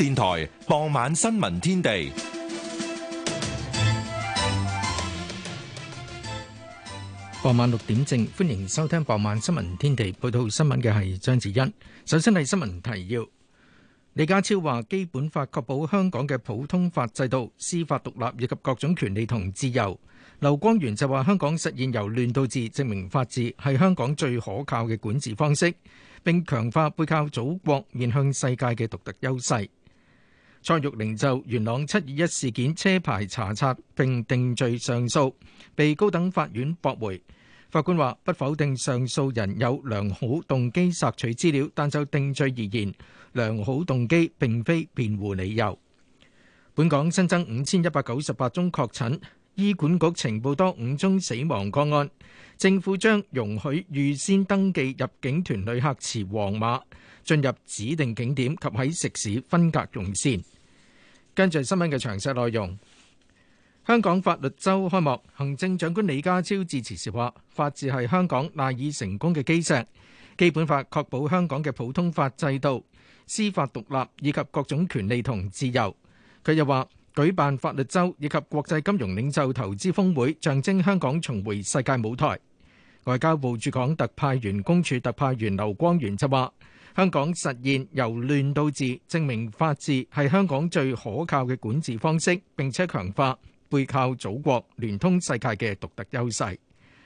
電台傍晚新聞天地，傍晚六點正歡迎收聽傍晚新聞天地。報道新聞嘅係張智欣。首先係新聞提要。李家超話：基本法確保香港嘅普通法制度、司法獨立以及各種權利同自由。劉光源就話：香港實現由亂到治，證明法治係香港最可靠嘅管治方式，並強化背靠祖國、面向世界嘅獨特優勢。蔡玉玲就元朗七二一事件車牌查冊並定罪上訴，被高等法院駁回。法官話，不否定上訴人有良好動機索取資料，但就定罪而言，良好動機並非辯護理由。本港新增五千一百九十八宗確診，醫管局呈報多五宗死亡個案。政府將容許預先登記入境團旅客持黃碼。進入指定景點及喺食肆分隔用膳。跟住新聞嘅詳細內容，香港法律周開幕，行政長官李家超致辭時話：法治係香港賴以成功嘅基石，基本法確保香港嘅普通法制度、司法獨立以及各種權利同自由。佢又話：舉辦法律周以及國際金融領袖投資峰會，象徵香港重回世界舞台。外交部駐港特派員公署特派員劉光源則話。香港實現由亂到治，證明法治係香港最可靠嘅管治方式，並且強化背靠祖國、聯通世界嘅獨特優勢。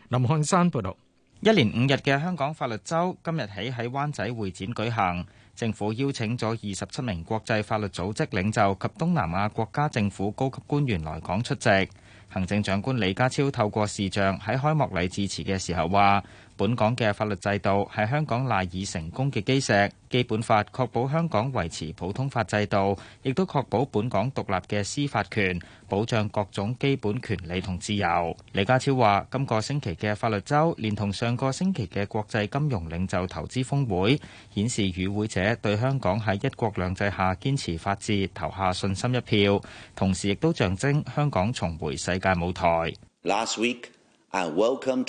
林漢山報道，一連五日嘅香港法律周今日起喺灣仔會展舉行，政府邀請咗二十七名國際法律組織領袖及東南亞國家政府高級官員來港出席。行政長官李家超透過視像喺開幕禮致辭嘅時候話。本港嘅法律制度係香港賴以成功嘅基石，《基本法》確保香港維持普通法制度，亦都確保本港獨立嘅司法權，保障各種基本權利同自由。李家超話：今個星期嘅法律週，連同上個星期嘅國際金融領袖投資峯會，顯示與會者對香港喺一國兩制下堅持法治投下信心一票，同時亦都象徵香港重回世界舞台。Last week, I welcomed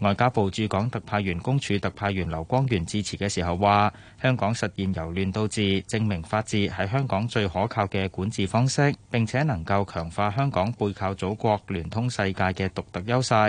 外交部駐港特派員公署特派員劉光源致辭嘅時候話：香港實現由亂到治，證明法治係香港最可靠嘅管治方式，並且能夠強化香港背靠祖國、聯通世界嘅獨特優勢。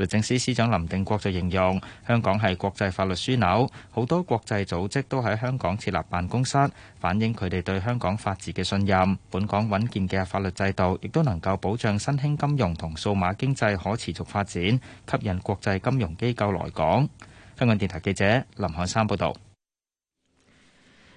律政司司長林定國就形容，香港係國際法律樞紐，好多國際組織都喺香港設立辦公室，反映佢哋對香港法治嘅信任。本港穩健嘅法律制度，亦都能夠保障新興金融同數碼經濟可持續發展，吸引國際金融機構來港。香港電台記者林漢山報道。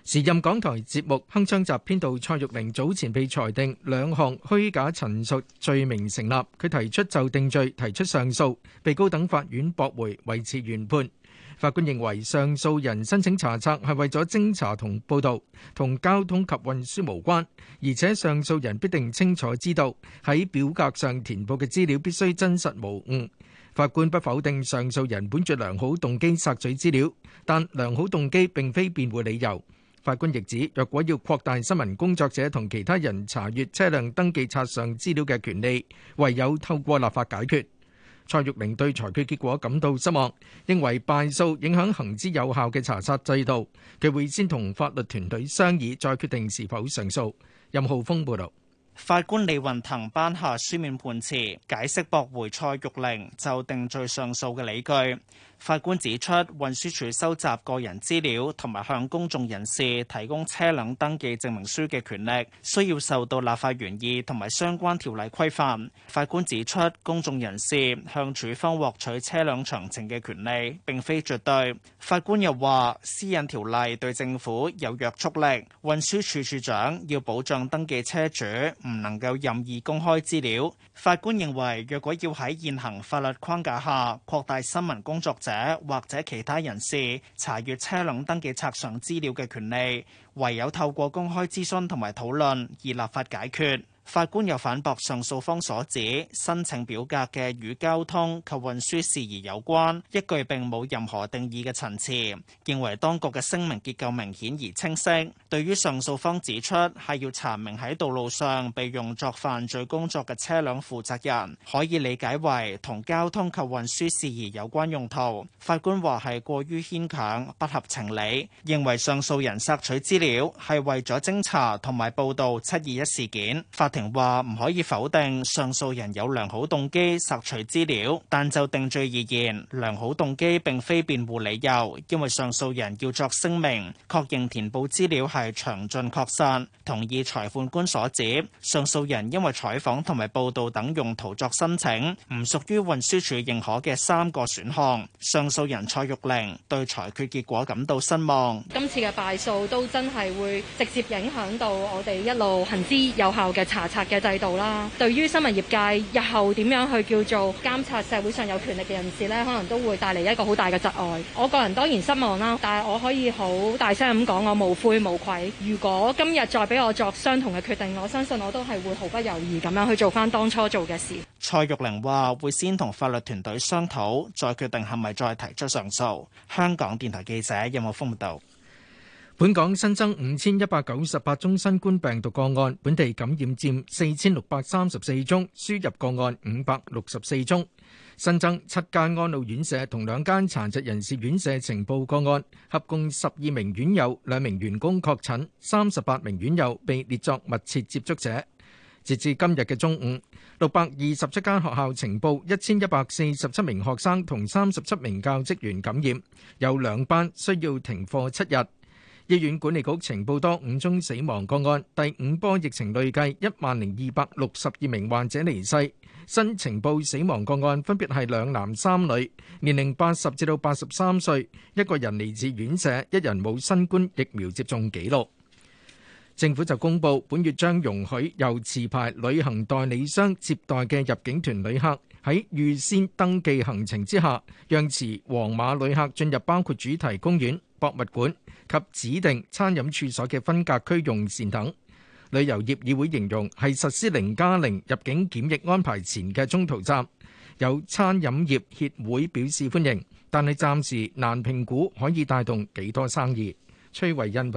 時任港台節目《鏗鏘集》編導蔡玉玲早前被裁定兩項虛假陳述罪名成立，佢提出就定罪提出上訴，被高等法院駁回，維持原判。法官認為上訴人申請查冊係為咗偵查同報道，同交通及運輸無關，而且上訴人必定清楚知道喺表格上填報嘅資料必須真實無誤。法官不否定上訴人本着良好動機索取資料，但良好動機並非辯護理由。法官亦指，若果要擴大新聞工作者同其他人查閲車輛登記冊上資料嘅權利，唯有透過立法解決。蔡玉玲對裁決結果感到失望，認為敗訴影響行之有效嘅查冊制度，佢會先同法律團隊商議再決定是否上訴。任浩峰報導，法官李雲騰頒下書面判詞，解釋駁回蔡玉玲就定罪上訴嘅理據。法官指出，運輸署收集個人資料同埋向公眾人士提供車輛登記證明書嘅權力，需要受到立法原意同埋相關條例規範。法官指出，公眾人士向署方獲取車輛詳情嘅權利並非絕對。法官又話，私隱條例對政府有約束力，運輸署署長要保障登記車主唔能夠任意公開資料。法官認為，若果要喺現行法律框架下擴大新聞工作者，或者其他人士查閱車輛登記冊上資料嘅權利，唯有透過公開諮詢同埋討論而立法解決。法官又反駁上訴方所指申請表格嘅與交通及運輸事宜有關一句並冇任何定義嘅陳詞，認為當局嘅聲明結構明顯而清晰。對於上訴方指出係要查明喺道路上被用作犯罪工作嘅車輛負責人，可以理解為同交通及運輸事宜有關用途。法官話係過於牽強不合情理，認為上訴人索取資料係為咗偵查同埋報道七二一事件。法庭話唔可以否定上訴人有良好動機索取資料，但就定罪而言，良好動機並非辯護理由，因為上訴人要作聲明確認填報資料係詳盡確實。同意裁判官所指，上訴人因為採訪同埋報道等用途作申請唔屬於運輸署認可嘅三個選項。上訴人蔡玉玲對裁決結果感到失望，今次嘅敗訴都真係會直接影響到我哋一路行之有效嘅查。查嘅制度啦，對於新聞業界日後點樣去叫做監察社會上有權力嘅人士咧，可能都會帶嚟一個好大嘅窒礙，我個人當然失望啦，但係我可以好大聲咁講，我無悔無愧。如果今日再俾我作相同嘅決定，我相信我都係會毫不猶豫咁樣去做翻當初做嘅事。蔡玉玲話會先同法律團隊商討，再決定係咪再提出上訴，香港電台記者任茂豐報道。本港新增五千一百九十八宗新冠病毒個案，本地感染佔四千六百三十四宗，輸入個案五百六十四宗。新增七間安老院舍同兩間殘疾人士院舍呈報個案，合共十二名院友、兩名員工確診，三十八名院友被列作密切接觸者。截至今日嘅中午，六百二十七間學校呈報一千一百四十七名學生同三十七名教職員感染，有兩班需要停課七日。醫院管理局情報多五宗死亡個案，第五波疫情累計一萬零二百六十二名患者離世。新情報死亡個案分別係兩男三女，年齡八十至到八十三歲，一個人嚟自院舍，一人冇新冠疫苗接種記錄。政府就公布本月將容許由持牌旅行代理商接待嘅入境團旅客喺預先登記行程之下，讓持黃碼旅客進入包括主題公園博物館及指定餐飲處所嘅分隔區用膳等，旅遊業議會形容係實施零加零入境檢疫安排前嘅中途站。有餐飲業協會表示歡迎，但係暫時難評估可以帶動幾多生意。崔慧欣。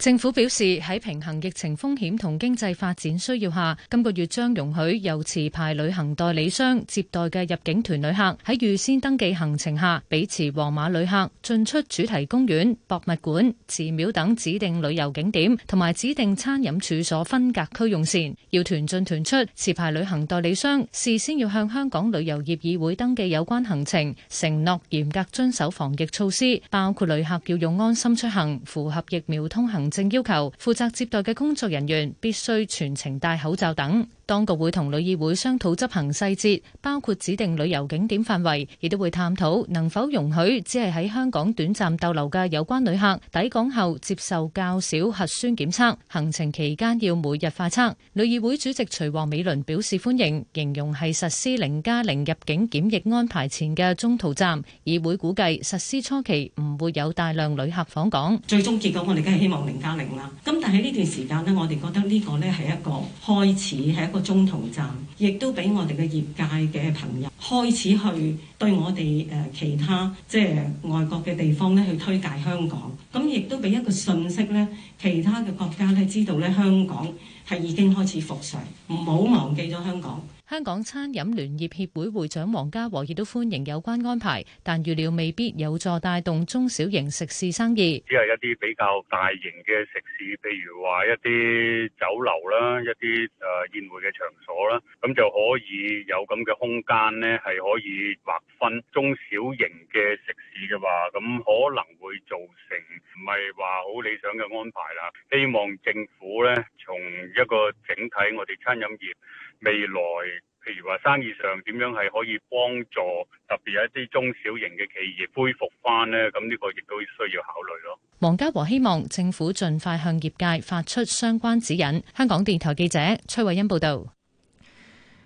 政府表示喺平衡疫情風險同經濟發展需要下，今個月將容許由持牌旅行代理商接待嘅入境團旅客喺預先登記行程下，俾持黃碼旅客進出主題公園、博物館、寺廟等指定旅遊景點同埋指定餐飲處所,所分隔區用膳，要團進團出。持牌旅行代理商事先要向香港旅遊業議會登記有關行程，承諾嚴格遵守防疫措施，包括旅客要用安心出行、符合疫苗通行。正要求負責接待嘅工作人員必須全程戴口罩等。當局會同旅議會商討執行細節，包括指定旅遊景點範圍，亦都會探討能否容許只係喺香港短暫逗留嘅有關旅客抵港後接受較少核酸檢測，行程期間要每日快測。旅議會主席徐王美倫表示歡迎，形容係實施零加零入境檢疫安排前嘅中途站。議會估計實施初期唔會有大量旅客訪港。最終結果我哋梗係希望零加零啦。咁但係呢段時間咧，我哋覺得呢個咧係一個開始，係一個中途站，亦都俾我哋嘅業界嘅朋友開始去對我哋誒、呃、其他即係外國嘅地方咧去推介香港，咁亦都俾一個信息咧，其他嘅國家咧知道咧香港係已經開始復常，唔好忘記咗香港。香港餐飲聯業協會會長黃家和亦都歡迎有關安排，但預料未必有助帶動中小型食肆生意。只係一啲比較大型嘅食肆，譬如話一啲酒樓啦，一啲誒宴會嘅場所啦，咁就可以有咁嘅空間咧，係可以劃分中小型嘅食肆嘅話，咁可能會造成唔係話好理想嘅安排啦。希望政府咧，從一個整體我哋餐飲業未來。譬如話生意上點樣係可以幫助，特別一啲中小型嘅企業恢復翻呢？咁呢個亦都需要考慮咯。王家和希望政府盡快向業界發出相關指引。香港電台記者崔慧欣報道。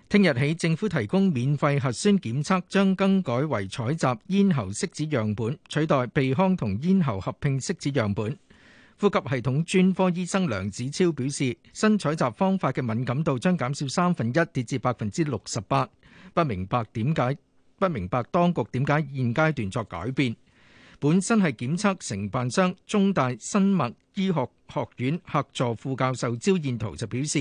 聽日起政府提供免費核酸檢測將更改為採集咽喉拭子樣本，取代鼻腔同咽喉合併拭子樣本。呼吸系統專科醫生梁子超表示，新採集方法嘅敏感度將減少三分一，3, 跌至百分之六十八。不明白點解？不明白當局點解現階段作改變，本身係檢測承辦商中大生物醫學學院客座副教授招彥燾就表示，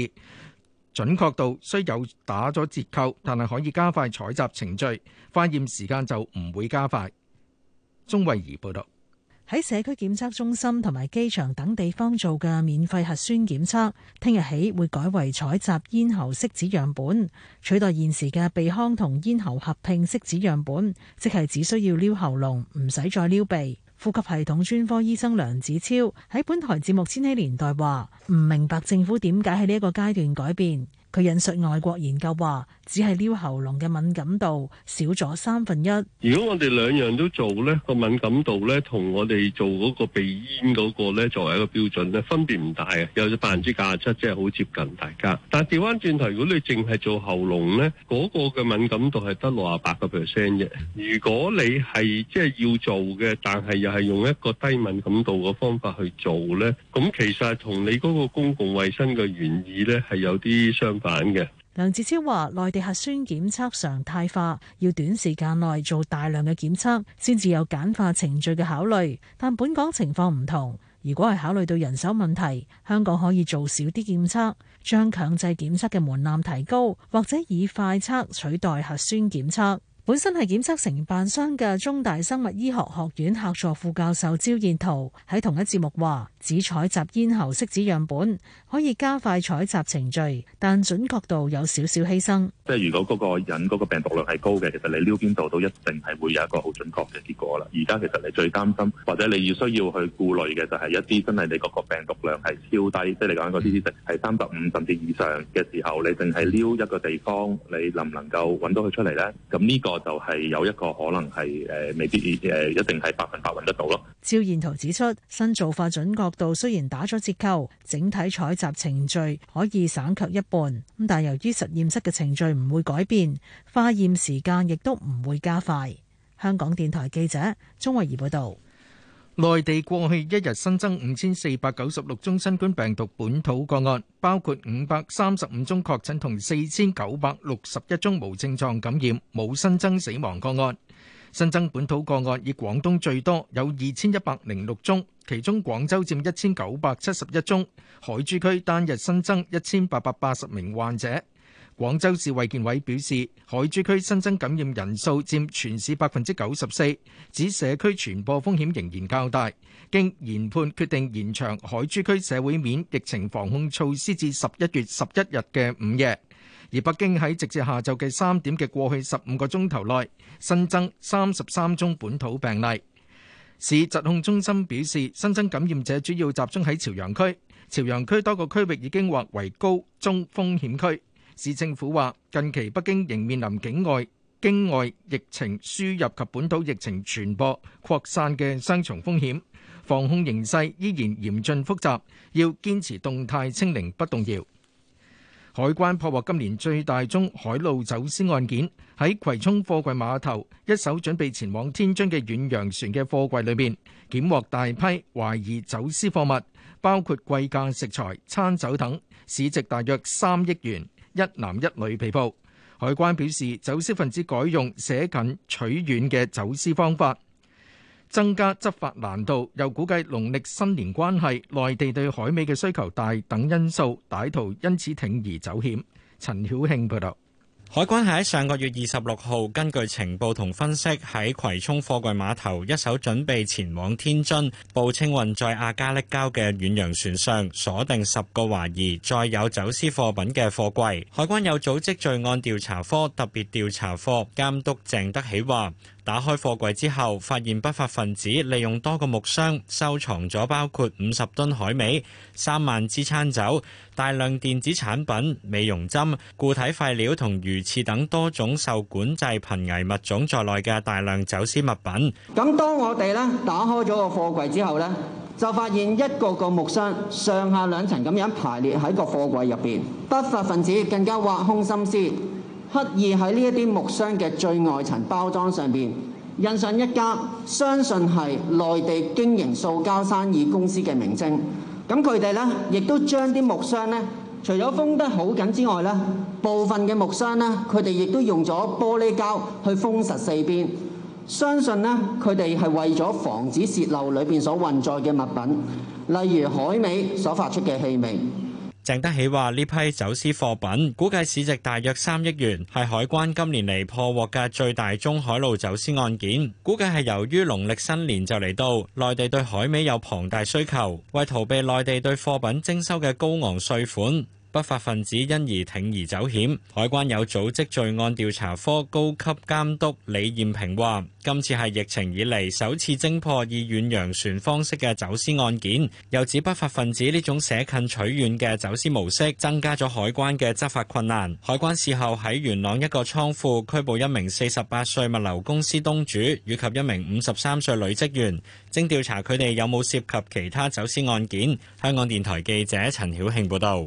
準確度雖有打咗折扣，但係可以加快採集程序，化驗時間就唔會加快。鍾慧儀報道。喺社區檢測中心同埋機場等地方做嘅免費核酸檢測，聽日起會改為採集咽喉拭子樣本，取代現時嘅鼻腔同咽喉合併拭子樣本，即係只需要撩喉嚨，唔使再撩鼻。呼吸系統專科醫生梁子超喺本台節目《千禧年代》話：唔明白政府點解喺呢一個階段改變。佢引述外國研究話，只係撩喉嚨嘅敏感度少咗三分一。如果我哋兩樣都做咧，個敏感度咧，同我哋做嗰個鼻煙嗰個咧作為一個標準咧，分別唔大啊，有咗百分之九十七，即係好接近大家。但係調翻轉頭，如果你淨係做喉嚨咧，嗰個嘅敏感度係得六十八個 percent 嘅。如果你係即係要做嘅，但係又係用一個低敏感度嘅方法去做咧，咁其實係同你嗰個公共衞生嘅原意咧係有啲相。梁志超話：內地核酸檢測常態化，要短時間內做大量嘅檢測，先至有簡化程序嘅考慮。但本港情況唔同，如果係考慮到人手問題，香港可以做少啲檢測，將強制檢測嘅門檻提高，或者以快測取代核酸檢測。本身係檢測承辦商嘅中大生物醫學學院客座副教授招彥燾喺同一節目話。只採集咽喉拭子樣本可以加快採集程序，但準確度有少少犧牲。即係如果嗰個人嗰個病毒量係高嘅，其實你撩邊度都一定係會有一個好準確嘅結果啦。而家其實你最擔心或者你要需要去顧慮嘅就係一啲真係你嗰個病毒量係超低，即係你講一啲 C 值係三十五甚至以上嘅時候，你淨係撩一個地方，你能唔能夠揾到佢出嚟咧？咁呢個就係有一個可能係誒未必誒一定係百分百揾得到咯。趙燕圖指出，新做法準確度雖然打咗折扣，整體採集程序可以省卻一半，咁但係由於實驗室嘅程序唔會改變，化驗時間亦都唔會加快。香港電台記者鍾慧儀報導。內地過去一日新增五千四百九十六宗新冠病毒本土個案，包括五百三十五宗確診同四千九百六十一宗無症狀感染，冇新增死亡個案。新增本土個案以廣東最多，有二千一百零六宗，其中廣州佔一千九百七十一宗。海珠區單日新增一千八百八十名患者。廣州市衛健委表示，海珠區新增感染人數佔全市百分之九十四，指社區傳播風險仍然較大。經研判決定延長海珠區社會面疫情防控措施至十一月十一日嘅午夜。而北京喺直至下晝嘅三點嘅過去十五個鐘頭內新增三十三宗本土病例。市疾控中心表示，新增感染者主要集中喺朝陽區。朝陽區多個區域已經劃為高中風險區，市政府話近期北京仍面臨境外經外疫情輸入及本土疫情傳播擴散嘅雙重風險，防控形勢依然嚴峻複雜，要堅持動態清零不動搖。海關破獲今年最大宗海路走私案件，喺葵涌貨櫃碼頭，一艘準備前往天津嘅遠洋船嘅貨櫃裏面，檢獲大批懷疑走私貨物，包括貴價食材、餐酒等，市值大約三億元。一男一女被捕，海關表示走私分子改用捨近取遠嘅走私方法。增加執法難度，又估計農曆新年關係，內地對海味嘅需求大等因素，歹徒因此鋌而走險。陳曉慶報導。海關係喺上個月二十六號，根據情報同分析，喺葵涌貨櫃碼頭一艘準備前往天津報稱運載亞加力膠嘅遠洋船上，鎖定十個懷疑載有走私貨品嘅貨櫃。海關有組織罪案調查科特別調查科監督鄭德喜話。打開貨櫃之後，發現不法分子利用多個木箱收藏咗包括五十噸海味、三萬支餐酒、大量電子產品、美容針、固體廢料同魚翅等多種受管制瀕危物種在內嘅大量走私物品。咁當我哋呢打開咗個貨櫃之後呢就發現一個個木箱上下兩層咁樣排列喺個貨櫃入邊，不法分子更加挖空心思。刻意喺呢一啲木箱嘅最外層包裝上邊印上一家相信係內地經營塑膠生意公司嘅名稱。咁佢哋咧，亦都將啲木箱咧，除咗封得好緊之外咧，部分嘅木箱咧，佢哋亦都用咗玻璃膠去封實四邊。相信咧，佢哋係為咗防止泄漏裏邊所運載嘅物品，例如海味所發出嘅氣味。鄭德喜話：呢批走私貨品估計市值大約三億元，係海關今年嚟破獲嘅最大中海路走私案件。估計係由於農曆新年就嚟到，內地對海味有龐大需求，為逃避內地對貨品徵收嘅高昂稅款。不法分子因而鋌而走險海關有組織罪案調查科高級監督李豔平話今次係疫情以嚟首次偵破以遠洋船方式嘅走私案件，又指不法分子呢種捨近取遠嘅走私模式，增加咗海關嘅執法困難，海關事後喺元朗一個倉庫拘捕一名四十八歲物流公司東主，以及一名五十三歲女職員，正調查佢哋有冇涉及其他走私案件。香港電台記者陳曉慶報道。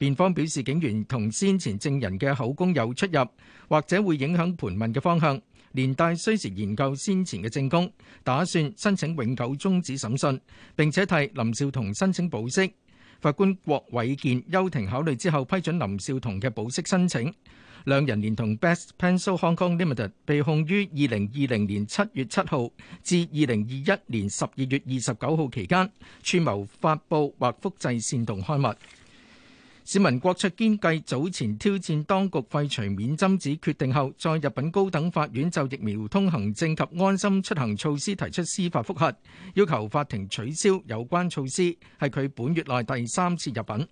辯方表示警員同先前證人嘅口供有出入，或者會影響盤問嘅方向，連帶需時研究先前嘅證供，打算申請永久終止審訊，並且替林紹桐申請保釋。法官郭偉健休庭考慮之後，批准林紹桐嘅保釋申請。兩人連同 Best Pencil Hong Kong Limited 被控於二零二零年七月七號至二零二一年十二月二十九號期間，串謀發布或複製煽動刊物。市民郭卓堅繼早前挑戰當局廢除免針紙決定後，再入禀高等法院，就疫苗通行證及安心出行措施提出司法複核，要求法庭取消有關措施，係佢本月內第三次入禀。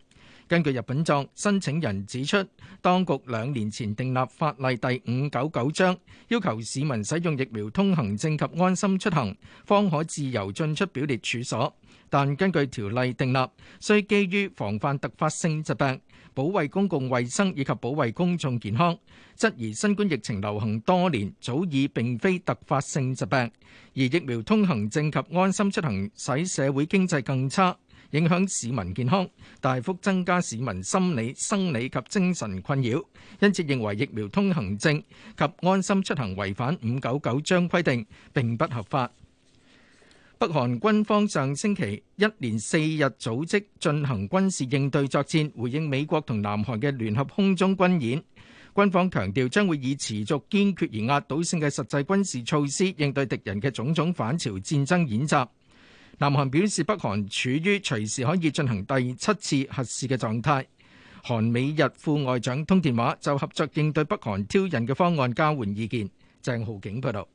根據日本狀，申請人指出，當局兩年前訂立法例第五九九章，要求市民使用疫苗通行證及安心出行，方可自由進出表列處所。但根據條例訂立，需基於防範突發性疾病、保衛公共衛生以及保衛公眾健康。質疑新冠疫情流行多年，早已並非突發性疾病，而疫苗通行證及安心出行使社會經濟更差。影響市民健康，大幅增加市民心理、生理及精神困擾，因此認為疫苗通行證及安心出行違反五九九章規定並不合法。北韓軍方上星期一連四日組織進行軍事應對作戰，回應美國同南韓嘅聯合空中軍演。軍方強調將會以持續堅決而壓倒性嘅實際軍事措施，應對敵人嘅種種反朝戰爭演習。南韓表示北韓處於隨時可以進行第七次核試嘅狀態。韓美日副外長通電話，就合作應對北韓挑釁嘅方案交換意見。鄭浩景報道。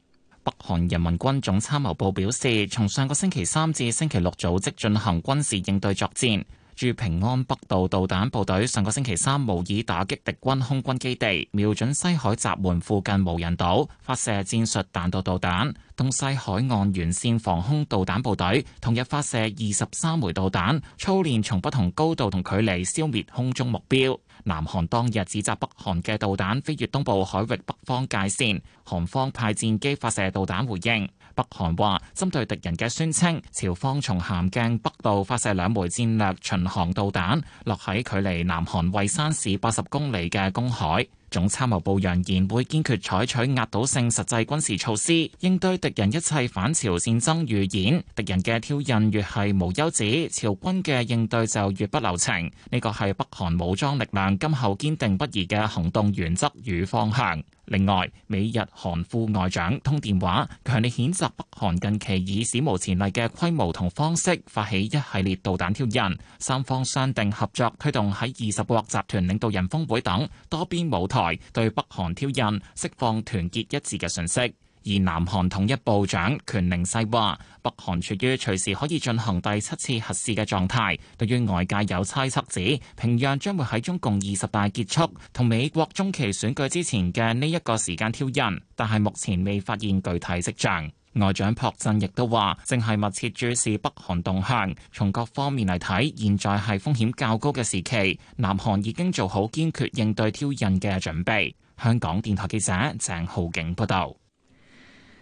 北韓人民軍總參謀部表示，從上個星期三至星期六組織進行軍事應對作戰。駐平安北道導彈部隊上個星期三，模擬打擊敵軍空軍基地，瞄準西海閘門附近無人島，發射戰術彈道導彈；東西海岸沿線防空導彈部隊，同日發射二十三枚導彈，操練從不同高度同距離消滅空中目標。南韓當日指責北韓嘅導彈飛越東部海域北方界線，韓方派戰機發射導彈回應。北韓話針對敵人嘅宣稱，朝方從咸鏡北道發射兩枚戰略巡航導彈，落喺距離南韓蔚山市八十公里嘅公海。總參謀部揚言會堅決採取壓倒性實際軍事措施，應對敵人一切反朝戰爭預演。敵人嘅挑釁越係無休止，朝軍嘅應對就越不留情。呢個係北韓武裝力量今後堅定不移嘅行動原則與方向。另外，美日韓副外長通電話，強烈譴責北韓近期以史無前例嘅規模同方式發起一系列導彈挑釁，三方商定合作推動喺二十國集團領導人峰會等多邊舞台對北韓挑釁，釋放團結一致嘅信息。而南韓統一部長權寧世話，北韓處於隨時可以進行第七次核試嘅狀態。對於外界有猜測指平壤將會喺中共二十大結束同美國中期選舉之前嘅呢一個時間挑釁，但係目前未發現具體跡象。外長朴振亦都話，正係密切注視北韓動向，從各方面嚟睇，現在係風險較高嘅時期。南韓已經做好堅決應對挑釁嘅準備。香港電台記者鄭浩景報道。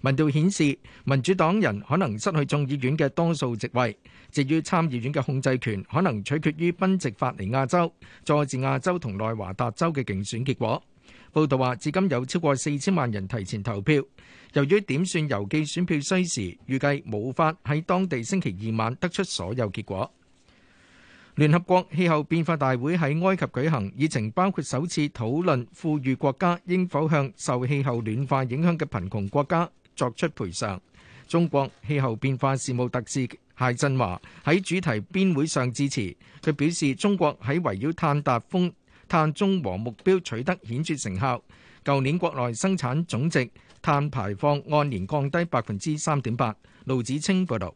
民調顯示，民主黨人可能失去眾議院嘅多數席位，至於參議院嘅控制權可能取決於賓夕法尼亞州、佐治亞州同內華達州嘅競選結果。報道話，至今有超過四千萬人提前投票。由於點算郵寄選票需時，預計無法喺當地星期二晚得出所有結果。聯合國氣候變化大會喺埃及舉行，議程包括首次討論富裕國家應否向受氣候暖化影響嘅貧窮國家作出賠償。中國氣候變化事務特使解振華喺主題邊會上致辭，佢表示中國喺圍繞碳達峰、碳中和目標取得顯著成效。舊年國內生產總值碳排放按年降低百分之三點八。盧子清報道。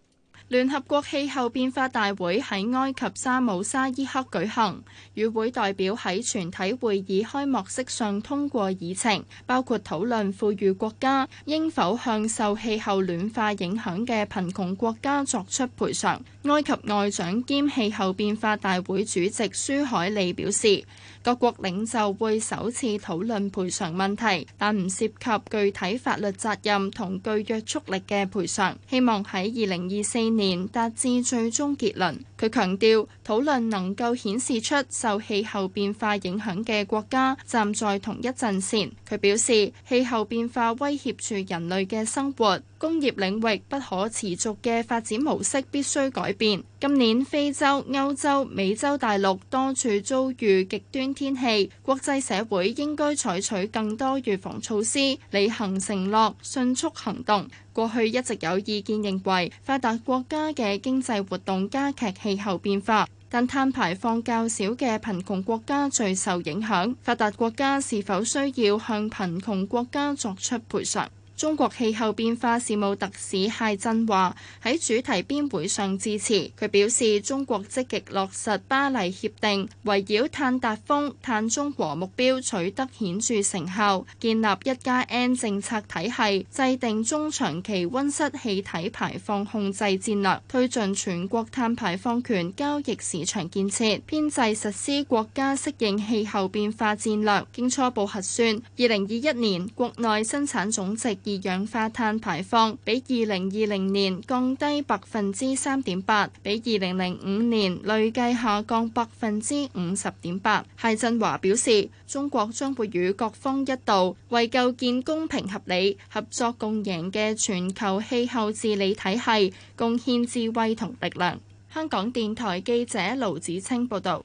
聯合國氣候變化大會喺埃及沙姆沙伊克舉行，與會代表喺全體會議開幕式上通過議程，包括討論富裕國家應否向受氣候暖化影響嘅貧窮國家作出賠償。埃及外長兼氣候變化大會主席舒海利表示，各國領袖會首次討論賠償問題，但唔涉及具體法律責任同具約束力嘅賠償。希望喺二零二四年達至最終結論。佢強調，討論能夠顯示出受氣候變化影響嘅國家站在同一陣線。佢表示，氣候變化威脅住人類嘅生活。工業領域不可持續嘅發展模式必須改變。今年非洲、歐洲、美洲大陸多處遭遇極端天氣，國際社會應該採取更多預防措施，履行承諾，迅速行動。過去一直有意見認為，發達國家嘅經濟活動加劇氣候變化，但碳排放較少嘅貧窮國家最受影響。發達國家是否需要向貧窮國家作出賠償？中國氣候變化事務特使謝振華喺主題邊會上致辭，佢表示中國積極落實巴黎協定，圍繞碳達峰、碳中和目標取得顯著成效，建立一加 N 政策體系，制定中長期溫室氣體排放控制戰略，推進全國碳排放權交易市場建設，編制實施國家適應氣候變化戰略，經初步核算，二零二一年國內生產總值。二氧化碳排放比二零二零年降低百分之三點八，比二零零五年累計下降百分之五十點八。解振華表示，中國將會與各方一道，為構建公平合理、合作共贏嘅全球氣候治理體系貢獻智慧同力量。香港電台記者盧子清報道。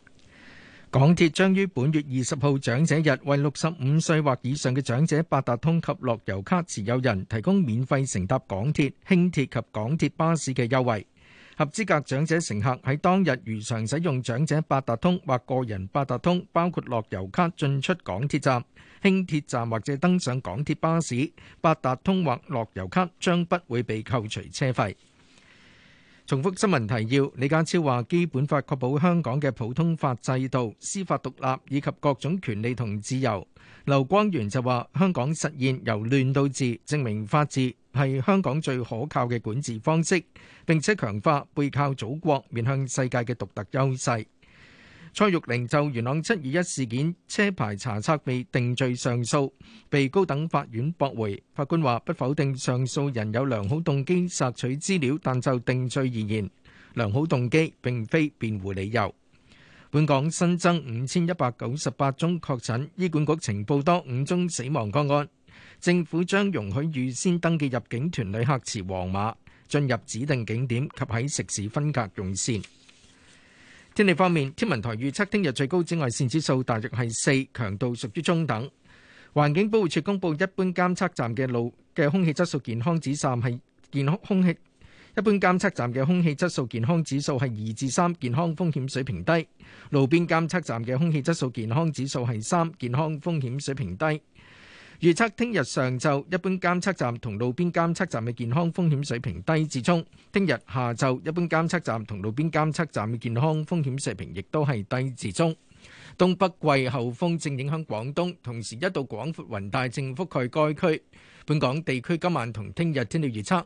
港鐵將於本月二十號長者日，為六十五歲或以上嘅長者八達通及樂悠卡持有人提供免費乘搭港鐵、輕鐵及港鐵巴士嘅優惠。合資格長者乘客喺當日如常使用長者八達通或個人八達通，包括樂悠卡，進出港鐵站、輕鐵站或者登上港鐵巴士，八達通或樂悠卡將不會被扣除車費。重複新聞提要。李家超話：基本法確保香港嘅普通法制度、司法獨立以及各種權利同自由。劉光源就話：香港實現由亂到治，證明法治係香港最可靠嘅管治方式，並且強化背靠祖國、面向世界嘅獨特優勢。蔡玉玲就元朗七二一事件車牌查冊被定罪上訴，被高等法院駁回。法官話不否定上訴人有良好動機索取資料，但就定罪而言，良好動機並非辯護理由。本港新增五千一百九十八宗確診，醫管局情報多五宗死亡個案。政府將容許預先登記入境團旅客持黃碼進入指定景點及喺食肆分隔用膳。天氣方面，天文台預測聽日最高紫外線指數大約係四，強度屬於中等。環境保護署公布一般監測站嘅路嘅空氣質素健康指數係健康空氣，一般監測站嘅空氣質素健康指數係二至三，健康風險水平低。路邊監測站嘅空氣質素健康指數係三，健康風險水平低。預測聽日上晝一般監測站同路邊監測站嘅健康風險水平低至中。聽日下晝一般監測站同路邊監測站嘅健康風險水平亦都係低至中。東北季候風正影響廣東，同時一道廣闊雲帶正覆蓋該區。本港地區今晚同聽日天氣預測，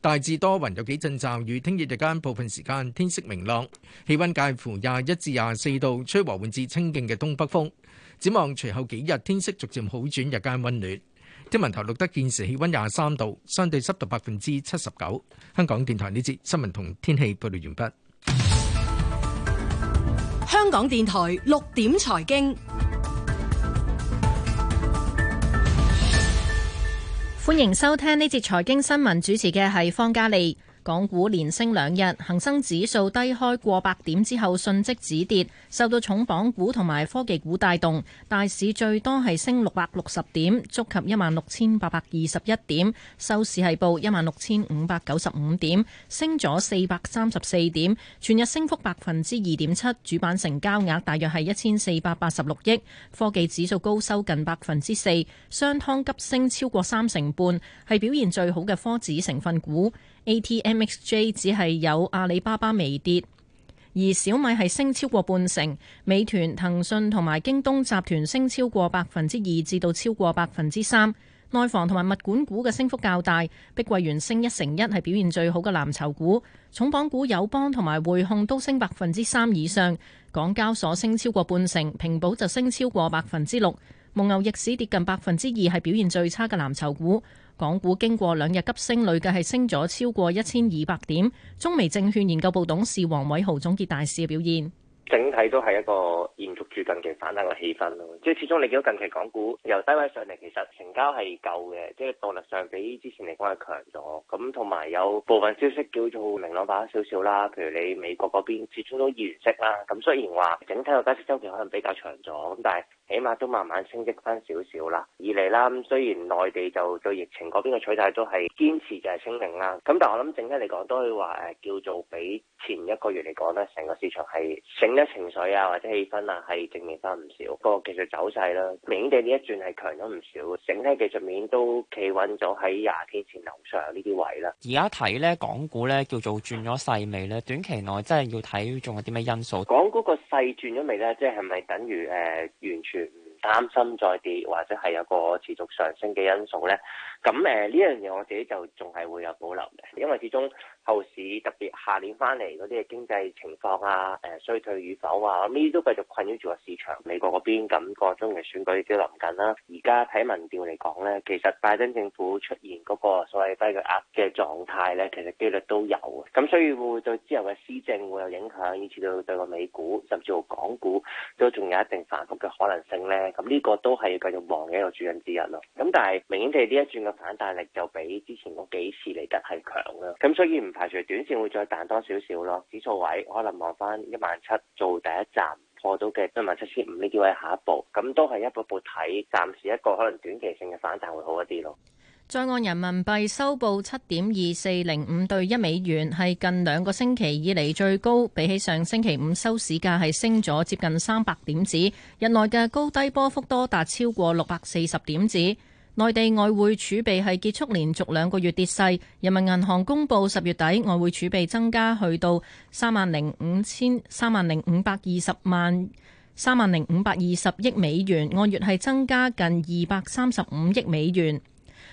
大致多雲，有幾陣驟雨。聽日日間部分時間天色明朗，氣溫介乎廿一至廿四度，吹和緩至清勁嘅東北風。展望隨後幾日，天色逐漸好轉，日間溫暖。天文台錄得現時氣溫廿三度，相對濕度百分之七十九。香港電台呢節新聞同天氣報道完畢。香港電台六點財經，歡迎收聽呢節財經新聞，主持嘅係方嘉莉。港股連升兩日，恒生指數低開過百點之後迅即止跌，受到重磅股同埋科技股帶動，大市最多係升六百六十點，觸及一萬六千八百二十一點，收市係報一萬六千五百九十五點，升咗四百三十四點，全日升幅百分之二點七，主板成交額大約係一千四百八十六億，科技指數高收近百分之四，商湯急升超過三成半，係表現最好嘅科指成分股。A.T.M.X.J 只係有阿里巴巴微跌，而小米係升超過半成，美團、騰訊同埋京東集團升超過百分之二至到超過百分之三。內房同埋物管股嘅升幅較大，碧桂園升一成一，係表現最好嘅藍籌股。重磅股友邦同埋匯控都升百分之三以上。港交所升超過半成，平保就升超過百分之六。蒙牛逆市跌近百分之二，係表現最差嘅藍籌股。港股經過兩日急升，累計係升咗超過一千二百點。中美證券研究部董事黃偉豪總結大市嘅表現：整體都係一個延續住近期反彈嘅氣氛咯。即係始終你見到近期港股由低位上嚟，其實成交係夠嘅，即係動力上比之前嚟講係強咗。咁同埋有部分消息叫做明朗化少少啦，譬如你美國嗰邊始終都議息啦。咁雖然話整體個加息周期可能比較長咗，咁但係。起碼都慢慢升積翻少少啦。二嚟啦，咁雖然內地就對疫情嗰邊嘅取態都係堅持就係清零啦。咁但係我諗整體嚟講都話誒叫做比前一個月嚟講咧，成個市場係醒咗情緒啊或者氣氛啊係正面翻唔少。個技術走勢啦，明顯地呢一轉係強咗唔少。整體技術面都企穩咗喺廿天線樓上呢啲位啦。而家睇咧港股咧叫做轉咗勢未咧？短期內真係要睇仲有啲咩因素？港股個勢轉咗未咧？即係係咪等於誒、呃、完全？擔心再跌，或者係有個持續上升嘅因素呢。咁誒呢一樣嘢，我自己就仲係會有保留嘅，因為始終後市特別下年翻嚟嗰啲嘅經濟情況啊，誒、呃、衰退與否啊，咁呢啲都繼續困擾住個市場。美國嗰邊咁、嗰個中期選舉亦都臨近啦，而家睇民調嚟講咧，其實拜登政府出現嗰個所謂低嘅壓嘅狀態咧，其實機率都有嘅，咁所以會唔會對之後嘅施政會有影響，以至到對個美股甚至乎港股都仲有一定反覆嘅可能性咧。咁呢個都係繼續望嘅一個主因之一咯。咁但係明顯地呢一轉反彈力就比之前嗰幾次嚟得係強啦，咁所以唔排除短線會再彈多少少咯。指數位可能望翻一萬七做第一站，破到嘅一萬七千五呢啲位下一步，咁都係一步步睇，暫時一個可能短期性嘅反彈會好一啲咯。在岸人民幣收報七點二四零五對一美元，係近兩個星期以嚟最高，比起上星期五收市價係升咗接近三百點子，日內嘅高低波幅多達超過六百四十點子。內地外匯儲備係結束連續兩個月跌勢，人民銀行公布十月底外匯儲備增加去到三萬零五千三萬零五百二十萬三萬零五百二十億美元，按月係增加近二百三十五億美元。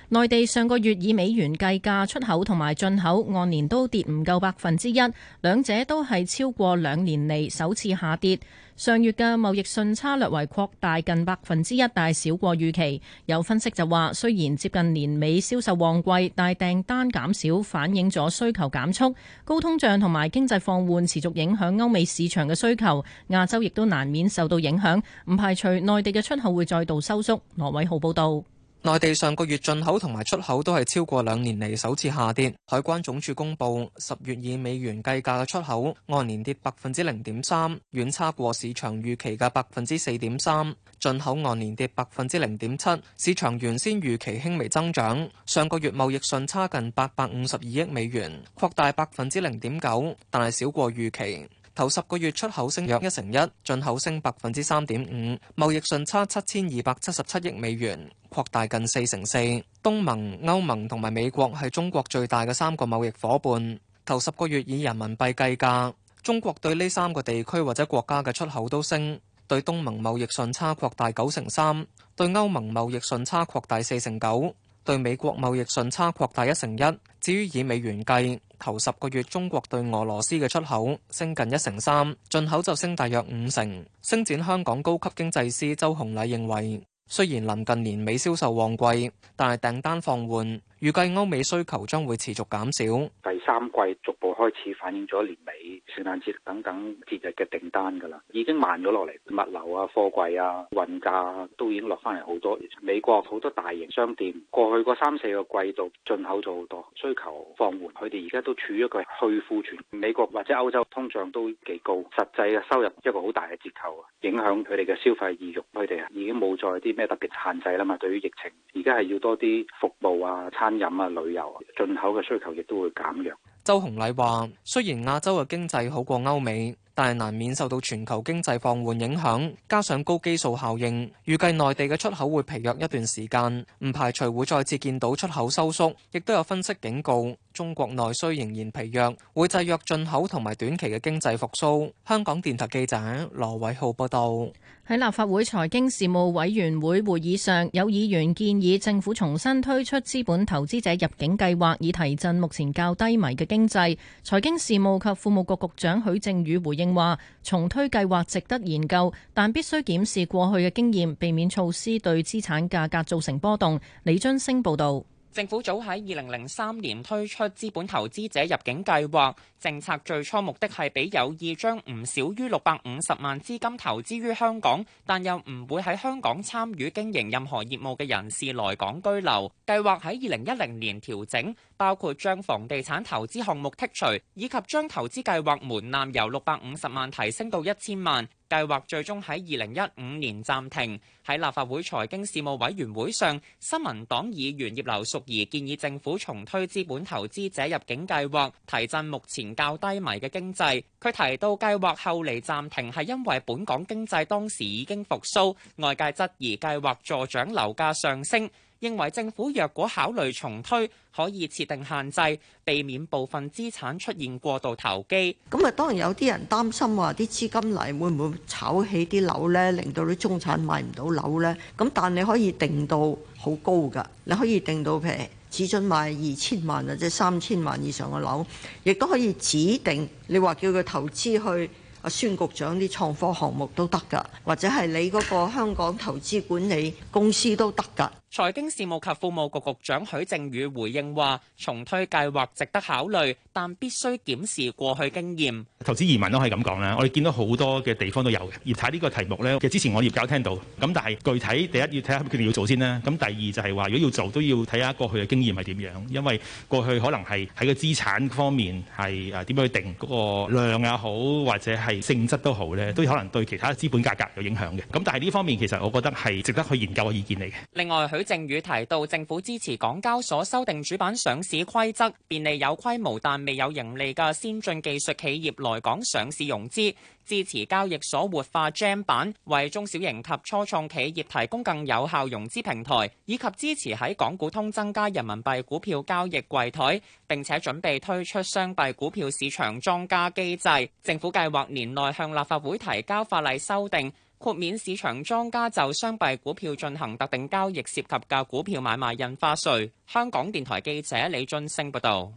內地上個月以美元計價出口同埋進口按年都跌唔夠百分之一，兩者都係超過兩年嚟首次下跌。上月嘅貿易順差略為擴大近百分之一，但係少過預期。有分析就話，雖然接近年尾銷售旺季，但係訂單減少反映咗需求減速。高通脹同埋經濟放緩持續影響歐美市場嘅需求，亞洲亦都難免受到影響，唔排除內地嘅出口會再度收縮。羅偉豪報導。內地上個月進口同埋出口都係超過兩年嚟首次下跌。海關總署公布，十月以美元計價嘅出口按年跌百分之零點三，遠差過市場預期嘅百分之四點三；進口按年跌百分之零點七，市場原先預期輕微增長。上個月貿易順差近八百五十二億美元，擴大百分之零點九，但係少過預期。頭十個月出口升約一成一，進口升百分之三點五，貿易順差七千二百七十七億美元，擴大近四成四。東盟、歐盟同埋美國係中國最大嘅三個貿易夥伴。頭十個月以人民幣計價，中國對呢三個地區或者國家嘅出口都升，對東盟貿易順差擴大九成三，對歐盟貿易順差擴大四成九，對美國貿易順差擴大一成一。至於以美元計。頭十個月，中國對俄羅斯嘅出口升近一成三，進口就升大約五成。星展香港高級經濟師周洪禮認為，雖然臨近年尾銷售旺季，但係訂單放緩。預計歐美需求將會持續減少。第三季逐步開始反映咗年尾、聖誕節等等節日嘅訂單㗎啦，已經慢咗落嚟，物流啊、貨櫃啊、運價啊，都已經落翻嚟好多。美國好多大型商店過去嗰三四個季度進口咗好多需求放緩，佢哋而家都處於一個去庫存。美國或者歐洲通脹都幾高，實際嘅收入一個好大嘅折扣啊，影響佢哋嘅消費意欲。佢哋啊已經冇再啲咩特別限制啦嘛。對於疫情，而家係要多啲服務啊、餐飲啊，旅遊啊，進口嘅需求亦都會減弱。周鴻禮話，雖然亞洲嘅經濟好過歐美，但係難免受到全球經濟放緩影響，加上高基數效應，預計內地嘅出口會疲弱一段時間，唔排除會再次見到出口收縮，亦都有分析警告，中國內需仍然疲弱，會制約進口同埋短期嘅經濟復蘇。香港電台記者羅偉浩報道。喺立法會財經事務委員會會議上，有議員建議政府重新推出資本投資者入境計劃，以提振目前較低迷嘅經濟。財經事務及庫務局局長許正宇回應。話重推計劃值得研究，但必須檢視過去嘅經驗，避免措施對資產價格造成波動。李津升報道，政府早喺二零零三年推出資本投資者入境計劃。政策最初目的係俾有意將唔少於六百五十萬資金投資於香港，但又唔會喺香港參與經營任何業務嘅人士來港居留。計劃喺二零一零年調整，包括將房地產投資項目剔除，以及將投資計劃門檻由六百五十萬提升到一千萬。計劃最終喺二零一五年暫停。喺立法會財經事務委員會上，新民黨議員葉劉淑儀建議政府重推資本投資者入境計劃，提振目前較低迷嘅經濟，佢提到計劃後嚟暫停係因為本港經濟當時已經復甦，外界質疑計劃助長樓價上升，認為政府若果考慮重推，可以設定限制，避免部分資產出現過度投機。咁啊，當然有啲人擔心話啲資金嚟會唔會炒起啲樓咧，令到啲中產買唔到樓咧。咁但你可以定到好高噶，你可以定到譬如。只准買二千萬或者三千萬以上嘅樓，亦都可以指定你話叫佢投資去阿孫局長啲創科項目都得㗎，或者係你嗰個香港投資管理公司都得㗎。財經事務及庫務局局長許正宇回應話：重推計劃值得考慮，但必須檢視過去經驗。投資移民都可以咁講啦，我哋見到好多嘅地方都有嘅。葉太呢個題目咧，其實之前我哋搞聽到，咁但係具體第一要睇下決定要做先啦。咁第二就係話，如果要做都要睇下過去嘅經驗係點樣，因為過去可能係喺個資產方面係誒點樣去定嗰個量也好，或者係性質都好咧，都可能對其他資本價格有影響嘅。咁但係呢方面其實我覺得係值得去研究嘅意見嚟嘅。另外，許正宇提到，政府支持港交所修訂主板上市規則，便利有規模但未有盈利嘅先進技術企業來港上市融資；支持交易所活化 GEM 板，為中小型及初創企業提供更有效融資平台；以及支持喺港股通增加人民幣股票交易櫃台，並且準備推出雙幣股票市場莊家機制。政府計劃年內向立法會提交法例修訂。豁免市場莊家就雙幣股票進行特定交易涉及嘅股票買賣印花稅。香港電台記者李俊升報導。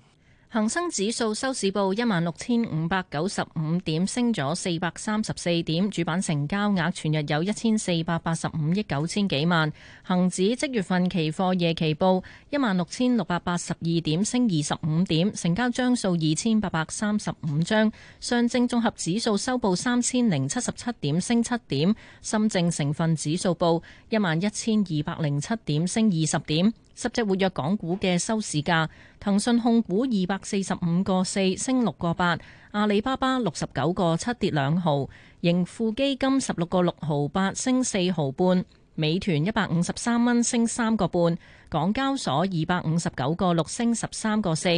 恒生指數收市報一萬六千五百九十五點，升咗四百三十四點。主板成交額全日有一千四百八十五億九千幾萬。恒指即月份期貨夜期報一萬六千六百八十二點，升二十五點，成交張數二千八百三十五張。上證綜合指數收報三千零七十七點，升七點。深證成分指數報一萬一千二百零七點，升二十點。十隻活躍港股嘅收市價，騰訊控股二百四十五個四升六個八，阿里巴巴六十九個七跌兩毫，盈富基金十六個六毫八升四毫半，美團一百五十三蚊升三個半，港交所二百五十九個六升十三個四，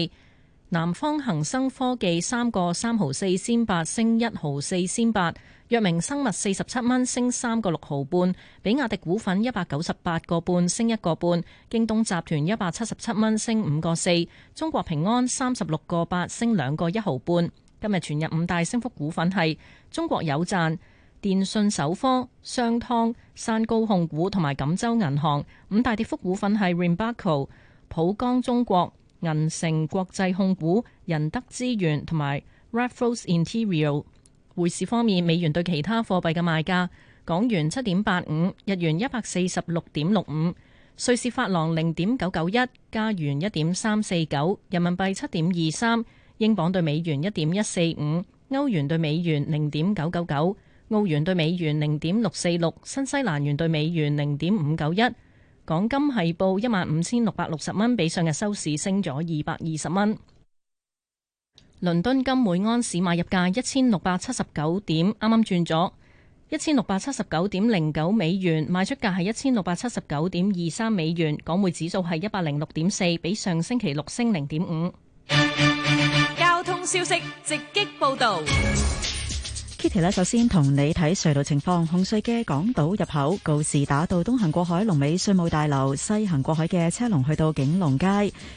南方恒生科技三個三毫四先八升一毫四先八。藥明生物四十七蚊升三個六毫半，比亞迪股份一百九十八個半升一個半，京東集團一百七十七蚊升五個四，中國平安三十六個八升兩個一毫半。今日全日五大升幅股份係中國有贊、電信首科、商湯、山高控股同埋錦州銀行。五大跌幅股份係 Rimbaco、浦江中國、銀城國際控股、仁德資源同埋 Raffles Interior。匯市方面，美元對其他貨幣嘅賣價：港元七點八五，日元一百四十六點六五，瑞士法郎零點九九一，加元一點三四九，人民幣七點二三，英鎊對美元一點一四五，歐元對美元零點九九九，澳元對美元零點六四六，新西蘭元對美元零點五九一。港金係報一萬五千六百六十蚊，比上日收市升咗二百二十蚊。倫敦金每安士買入價一千六百七十九點，啱啱轉咗一千六百七十九點零九美元，賣出價係一千六百七十九點二三美元。港匯指數係一百零六點四，比上星期六升零點五。交通消息，直擊報道。Kitty 咧，Katie，首先同你睇隧道情況。紅隧嘅港島入口告士打道東行過海，龍尾稅務大樓；西行過海嘅車龍去到景隆街、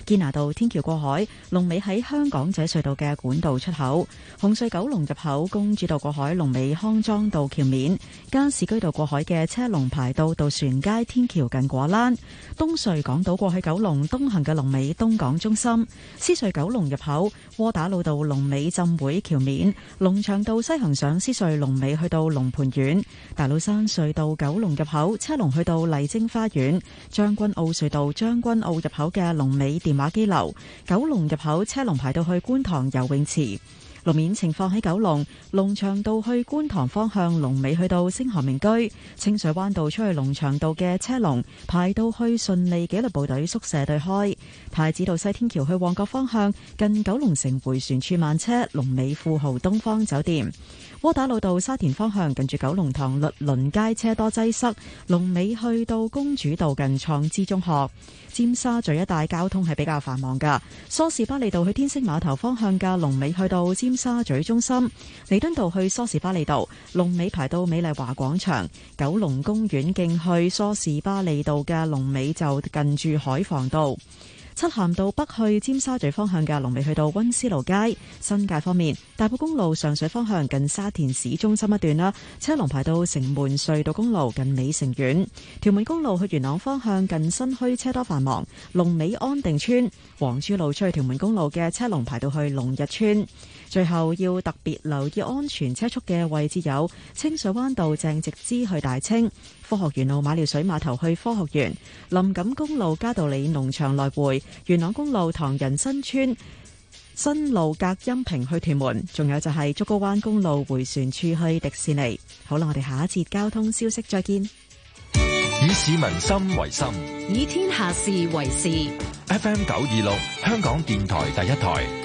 堅拿道天橋過海，龍尾喺香港仔隧道嘅管道出口。紅隧九龍入口公主道過海，龍尾康莊道橋面；加士居道過海嘅車龍排到渡船街天橋近果欄。東隧港島過去九龍東行嘅龍尾東港中心。獅隧九龍入口窩打老道龍尾浸會橋面，龍翔道西行上。獅隧龍尾去到龍蟠苑，大老山隧道九龍入口車龍去到麗晶花園，將軍澳隧道將軍澳入口嘅龍尾電話機樓，九龍入口車龍排到去觀塘游泳池。路面情況喺九龍龍翔道去觀塘方向，龍尾去到星河名居；清水灣道出去龍翔道嘅車龍排到去順利紀律部隊宿舍對開，太子道西天橋去旺角方向，近九龍城迴旋處慢車，龍尾富豪東方酒店；窩打老道沙田方向近住九龍塘律倫街車多擠塞，龍尾去到公主道近創資中學，尖沙咀一帶交通係比較繁忙㗎。梳士巴利道去天星碼頭方向嘅龍尾去到尖沙咀中心、彌敦道去梳士巴利道龍尾排到美麗華廣場、九龍公園徑去梳士巴利道嘅龍尾就近住海防道、七咸道北去尖沙咀方向嘅龍尾去到温思勞街新界方面，大埔公路上水方向近沙田市中心一段啦，車龍排到城門隧道公路近美城苑、屯門公路去元朗方向近新墟車多繁忙，龍尾安定村黃珠路出去屯門公路嘅車龍排到去龍日村。最後要特別留意安全車速嘅位置，有清水灣道正直之去大清科學園路、馬料水碼頭去科學園、林錦公路嘉道理農場來回、元朗公路唐人新村新路隔音屏去屯門，仲有就係竹篙灣公路回旋處去迪士尼。好啦，我哋下一節交通消息再見。以市民心為心，以天下事為事。FM 九二六，香港電台第一台。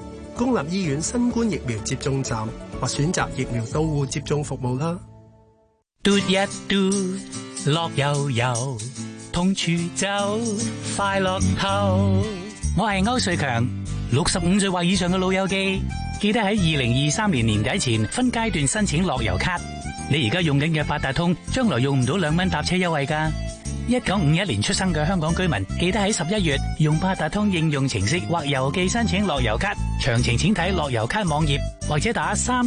公立醫院新冠疫苗接種站或選擇疫苗到戶接種服務啦。嘟一嘟，樂悠悠，通處走，快樂透。我係歐瑞強，六十五歲或以上嘅老友記，記得喺二零二三年年底前分階段申請樂悠咭。你而家用緊嘅八達通，將來用唔到兩蚊搭車優惠噶。一九五一年出生嘅香港居民，記得喺十一月用八達通應用程式或郵寄申請樂悠咭，詳情請睇樂悠咭網頁或者打三。